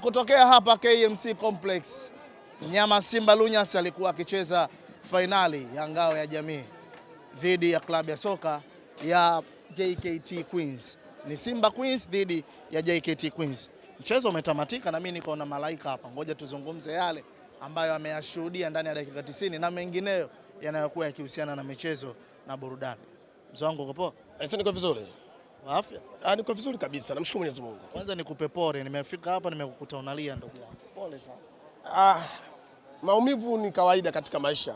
kutokea hapa KMC Complex, mnyama Simba Lunyas alikuwa akicheza fainali ya ngao ya jamii dhidi ya klabu ya soka ya JKT Queens. Ni Simba Queens dhidi ya JKT Queens. Mchezo umetamatika na mimi niko na Malaika hapa, ngoja tuzungumze yale ambayo ameyashuhudia ndani ya dakika 90 na mengineyo yanayokuwa yakihusiana na michezo na burudani. Mzee wangu uko poa? Asante eh, kwa vizuri. Afya? Ah, niko vizuri kabisa. Namshukuru Mwenyezi Mungu. Kwanza nikupe pole, nimefika hapa nimekukuta unalia ndugu yangu. Pole sana. Ah, maumivu ni kawaida katika maisha.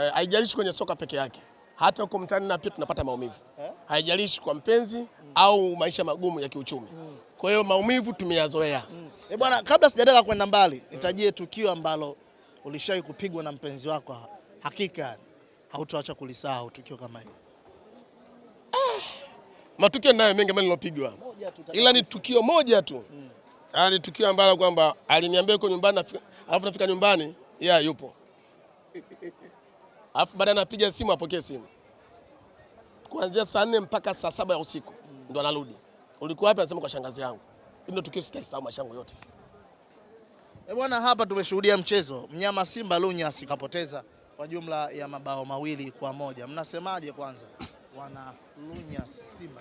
Eh, haijalishi mm. E, kwenye soka peke yake. Hata huko mtaani na pia tunapata maumivu. Eh? Haijalishi kwa mpenzi mm. au maisha magumu ya kiuchumi. Mm. Kwa hiyo maumivu tumeyazoea. Mm. Eh, bwana kabla sijataka kwenda mbali, nitajie tukio ambalo ulishawahi kupigwa na mpenzi wako. Hakika hautoacha kulisahau tukio kama hili matukio nayo mengi ambayo nilopigwa, ila ni tukio moja tu mm. ni tukio ambalo kwamba aliniambia yuko nyumbani, alafu nafika nyumbani ya yeah, yupo alafu baadaye anapiga simu, apokee simu kuanzia saa nne mpaka saa saba ya usiku mm. ndo anarudi. Ulikuwa wapi? Anasema kwa shangazi yangu. Ndio tukio sitalisahau maisha yangu yote. E bwana, hapa tumeshuhudia mchezo mnyama Simba lunyas kapoteza kwa jumla ya mabao mawili kwa moja. Mnasemaje kwanza? wanamlunya Simba.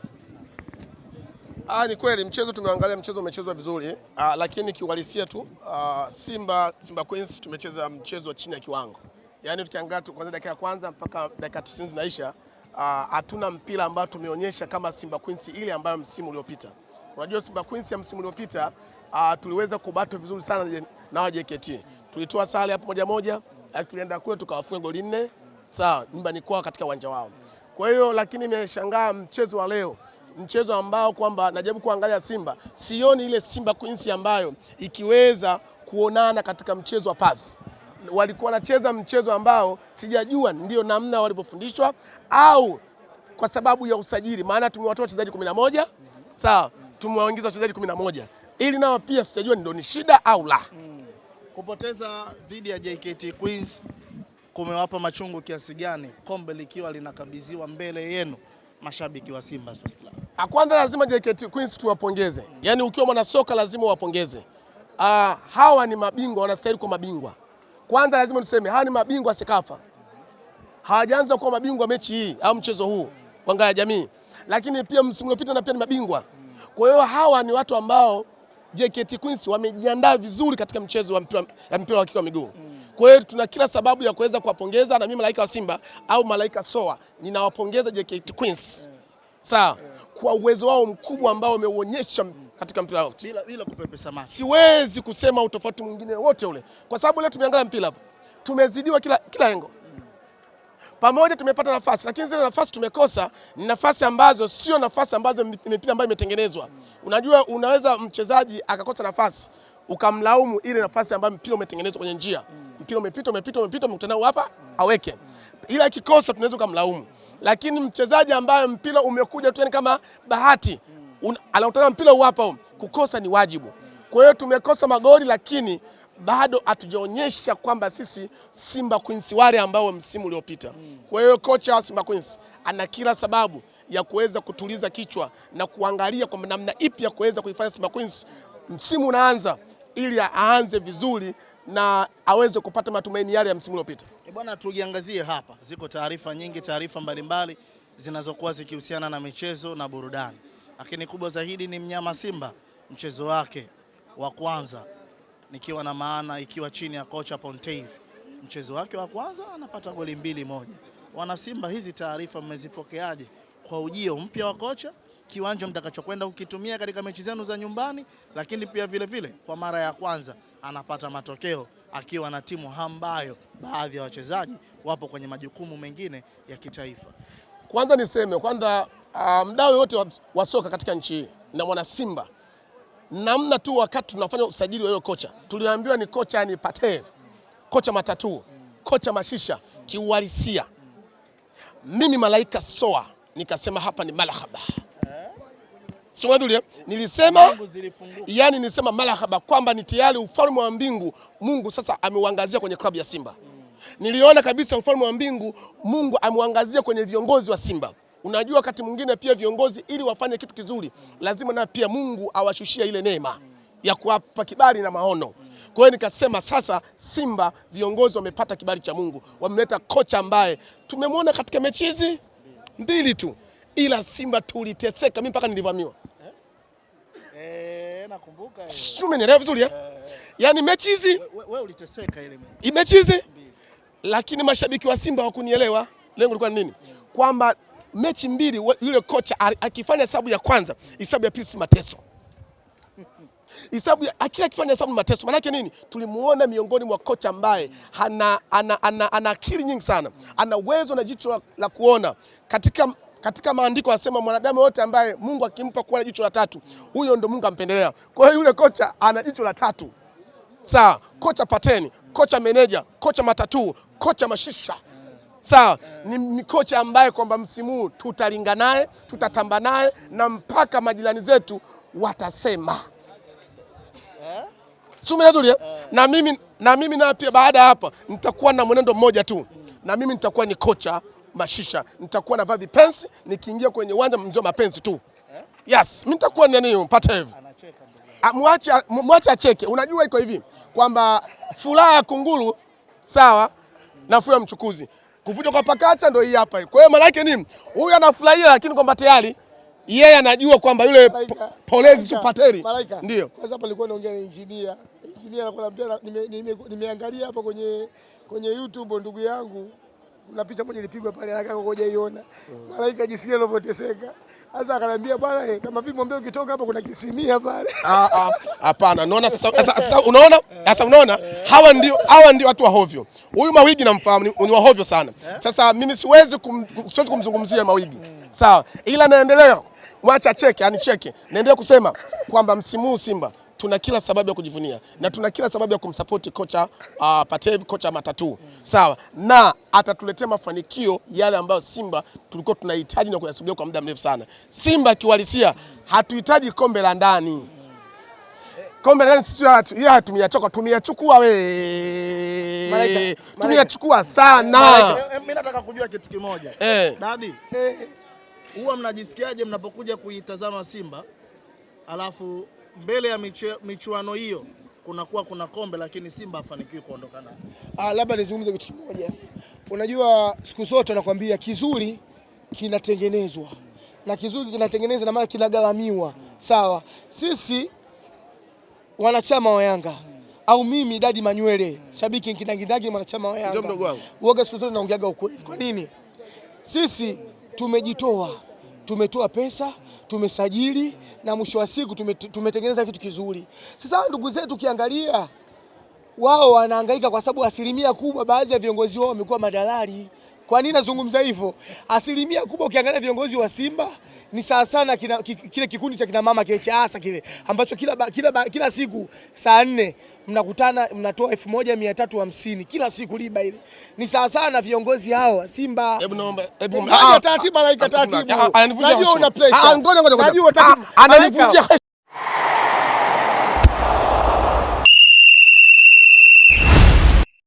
Ah, ni kweli mchezo tumeangalia, mchezo umechezwa vizuri ah, lakini kiuhalisia tu ah, Simba Simba Queens tumecheza mchezo chini ya kiwango, yaani tukiangalia tu kwanza dakika ya kwanza mpaka dakika 90 zinaisha ah, hatuna ah, mpira ambao tumeonyesha kama Simba Queens ile ambayo msimu uliopita. Unajua Simba Queens ya msimu uliopita ah, tuliweza kubato vizuri sana na wa JKT, tulitoa sare hapo moja moja, lakini tulienda kule tukawafunga goli nne, sawa nyumbani kwao katika uwanja wao Mm. Kwa hiyo lakini nimeshangaa mchezo wa leo, mchezo ambao kwamba najaribu kuangalia Simba, sioni ile Simba Queens ambayo ikiweza kuonana katika mchezo wa pasi. Walikuwa wanacheza mchezo ambao sijajua ndio namna walivyofundishwa au kwa sababu ya usajili, maana tumewatoa wachezaji 11 sawa, tumewaingiza wachezaji 11 ili nao pia sijajua ndio ni shida au la. Hmm. Kupoteza dhidi ya JKT Queens kumewapa machungu kiasi gani kombe likiwa linakabidhiwa mbele yenu mashabiki wa Simba Sports Club? Ah, kwanza lazima JKT Queens tuwapongeze, yaani ukiwa mwanasoka lazima uwapongeze. Uh, hawa ni mabingwa, wanastahili kuwa mabingwa. Kwanza lazima tuseme hawa ni mabingwa Sekafa, hawajaanza kuwa mabingwa mechi hii au mchezo huu wa Ngao ya Jamii, lakini pia msimu uliopita na pia ni mabingwa. Kwa hiyo hawa ni watu ambao JKT Queens wamejiandaa vizuri katika mchezo wa mpira wa kikapu wa miguu. Kwa hiyo tuna kila sababu ya kuweza kuwapongeza, na mimi malaika wa Simba au malaika soa ninawapongeza JKT Queens sawa, kwa uwezo wao mkubwa ambao wameuonyesha katika mpira wote. bila, bila kupepesa macho. Siwezi kusema utofauti mwingine wote ule, kwa sababu leo tumeangalia mpira hapo, tumezidiwa kila, kila engo pamoja tumepata nafasi lakini zile nafasi tumekosa ni nafasi ambazo sio nafasi ambazo mipira ambayo imetengenezwa. Unajua, unaweza mchezaji akakosa nafasi ukamlaumu ile nafasi ambayo mpira umetengenezwa kwenye njia mpira umepita umepita umepita umekutana nao hapa aweke, ila kikosa tunaweza kumlaumu. Lakini mchezaji ambaye mpira umekuja tu kama bahati anautana mpira hapa, kukosa ni wajibu. Kwa hiyo tumekosa magoli, lakini bado hatujaonyesha kwamba sisi Simba Queens wale ambao msimu uliopita. Kwa hiyo kocha wa Simba Queens ana kila sababu ya kuweza kutuliza kichwa na kuangalia kwa namna ipi ya kuweza kuifanya Simba Queens msimu unaanza ili aanze vizuri na aweze kupata matumaini yale ya msimu uliopita. E bwana, tujiangazie hapa, ziko taarifa nyingi, taarifa mbalimbali zinazokuwa zikihusiana na michezo na burudani, lakini kubwa zaidi ni mnyama Simba, mchezo wake wa kwanza, nikiwa na maana ikiwa chini ya kocha Pontev, mchezo wake wa kwanza anapata goli mbili moja. Wana Simba, hizi taarifa mmezipokeaje kwa ujio mpya wa kocha kiwanja mtakachokwenda kukitumia katika mechi zenu za nyumbani, lakini pia vile vile kwa mara ya kwanza anapata matokeo akiwa na timu ambayo baadhi ya wachezaji wapo kwenye majukumu mengine ya kitaifa. Kwanza niseme kwanza, uh, ah, mdau yote wa, soka katika nchi hii na mwana Simba, namna tu wakati tunafanya usajili wa kocha tuliambiwa ni kocha ni Patel, kocha matatu, kocha mashisha kiuhalisia. Mimi malaika soa nikasema hapa ni malahaba Siwadhulia, nilisema yani, nilisema marahaba kwamba ni tayari ufalme wa mbingu Mungu sasa ameuangazia kwenye klabu ya Simba. Niliona kabisa ufalme wa mbingu Mungu ameuangazia kwenye viongozi wa Simba. Unajua, wakati mwingine pia viongozi ili wafanye kitu kizuri, lazima na pia Mungu awashushia ile neema ya kuwapa kibali na maono. Kwa hiyo nikasema sasa, Simba viongozi wamepata kibali cha Mungu, wamemleta kocha ambaye tumemwona katika mechi hizi mbili tu, ila Simba tuliteseka, mimi mpaka nilivamiwa nakumbuka hiyo. Umenielewa vizuri eh? eh, eh, eh. Yaani mechi hizi wewe uliteseka ile mechi. Mechi hizi lakini mashabiki wa Simba hawakunielewa. Lengo lilikuwa ni nini? Yeah. Kwamba mechi mbili yule kocha akifanya hesabu ya kwanza, hesabu ya pili si mateso. Hesabu akila akifanya hesabu mateso. Maana yake nini? Tulimuona miongoni mwa kocha ambaye ana, ana, ana, ana akili nyingi sana. Ana uwezo na jicho la kuona katika katika maandiko asema mwanadamu yote ambaye Mungu akimpa kuwa na jicho la tatu, huyo ndo Mungu ampendelea. Kwa hiyo yule kocha ana jicho la tatu, sawa. Kocha pateni, kocha meneja, kocha matatu, kocha mashisha, sawa. Ni, ni kocha ambaye kwamba msimu huu tutalinga naye, tutatamba naye na mpaka majirani zetu watasema sumeazulia eh? eh. na mimi na mimi na pia, baada ya hapa nitakuwa na mwenendo mmoja tu, na mimi nitakuwa ni kocha mashisha, nitakuwa navaa vipensi nikiingia kwenye uwanja mzio mapenzi tu eh? Yes, mimi nitakuwa nani mpata hivi. Ah, mwache acheke. Unajua iko hivi kwamba furaha ya kunguru sawa nafuu ya mchukuzi. Kuvuja kwa pakacha ndio hii hapa. Kwa hiyo maana yake nini? Huyu anafurahia lakini kwamba tayari yeye yeah, anajua kwamba yule malaika, polezi supateri ndio kwanza. Hapa nilikuwa naongea na injinia, injinia anakuambia nimeangalia nime, nime hapa kwenye, kwenye YouTube ndugu yangu kuna picha moja ilipigwa pale haraka ngoja iona. Malaika jisikia alivyoteseka. Sasa akaniambia bwana eh, kama vipi mwambie ukitoka hapa kuna kisimia pale. Ah ah, hapana. Unaona sasa unaona? Sasa unaona? Hawa ndio hawa ndio watu wa hovyo. Huyu Mawigi namfahamu ni wa hovyo sana. Sasa mimi siwezi kum, siwezi kumzungumzia Mawigi. Sawa. Ila naendelea mwacha cheke, yani cheke. Naendelea kusema kwamba msimu huu Simba tuna kila sababu ya kujivunia na tuna kila sababu ya kumsapoti kocha uh, Patev, kocha Matatu, sawa na atatuletea mafanikio yale ambayo Simba tulikuwa tunahitaji na kuyasubiria kwa muda mrefu sana. Simba kiuhalisia, hatuhitaji kombe la ndani kombe la ndani sisi yeye hatumiachoka tumiachukua we tumiachukua sana. Eh, eh, mimi nataka kujua kitu kimoja eh. Dadi eh. Huwa mnajisikiaje mnapokuja kuitazama Simba alafu mbele ya michuano hiyo kunakuwa kuna kombe, lakini Simba hafanikiwi kuondoka nalo. Ah, labda nizungumze kitu kimoja. Unajua siku zote nakwambia kizuri kinatengenezwa na kizuri kinatengenezwa na maana kinagharamiwa. Sawa, sisi wanachama wa Yanga au mimi Dadi Manywele shabiki nkidangidagi mwanachama wa Yanga uoga, siku zote naongeaga ukweli. Kwa nini? Sisi tumejitoa, tumetoa pesa tumesajili na mwisho wa siku tumetengeneza kitu kizuri. Sasa ndugu zetu, ukiangalia wao wanahangaika kwa sababu asilimia kubwa, baadhi ya viongozi wao wamekuwa madalali. Kwa nini nazungumza hivyo? Asilimia kubwa ukiangalia viongozi wa Simba ni sawa sana kina, kile kikundi cha kina mama kile cha hasa kile ambacho kila, kila, kila siku saa nne mnakutana mnatoa elfu moja mia tatu hamsini kila siku riba ile ni sawa sana. Viongozi hao Simba, hebu naomba hebu ah, taratibu, Malaika taratibu, ah, najua una pressure, ah, ananivunjia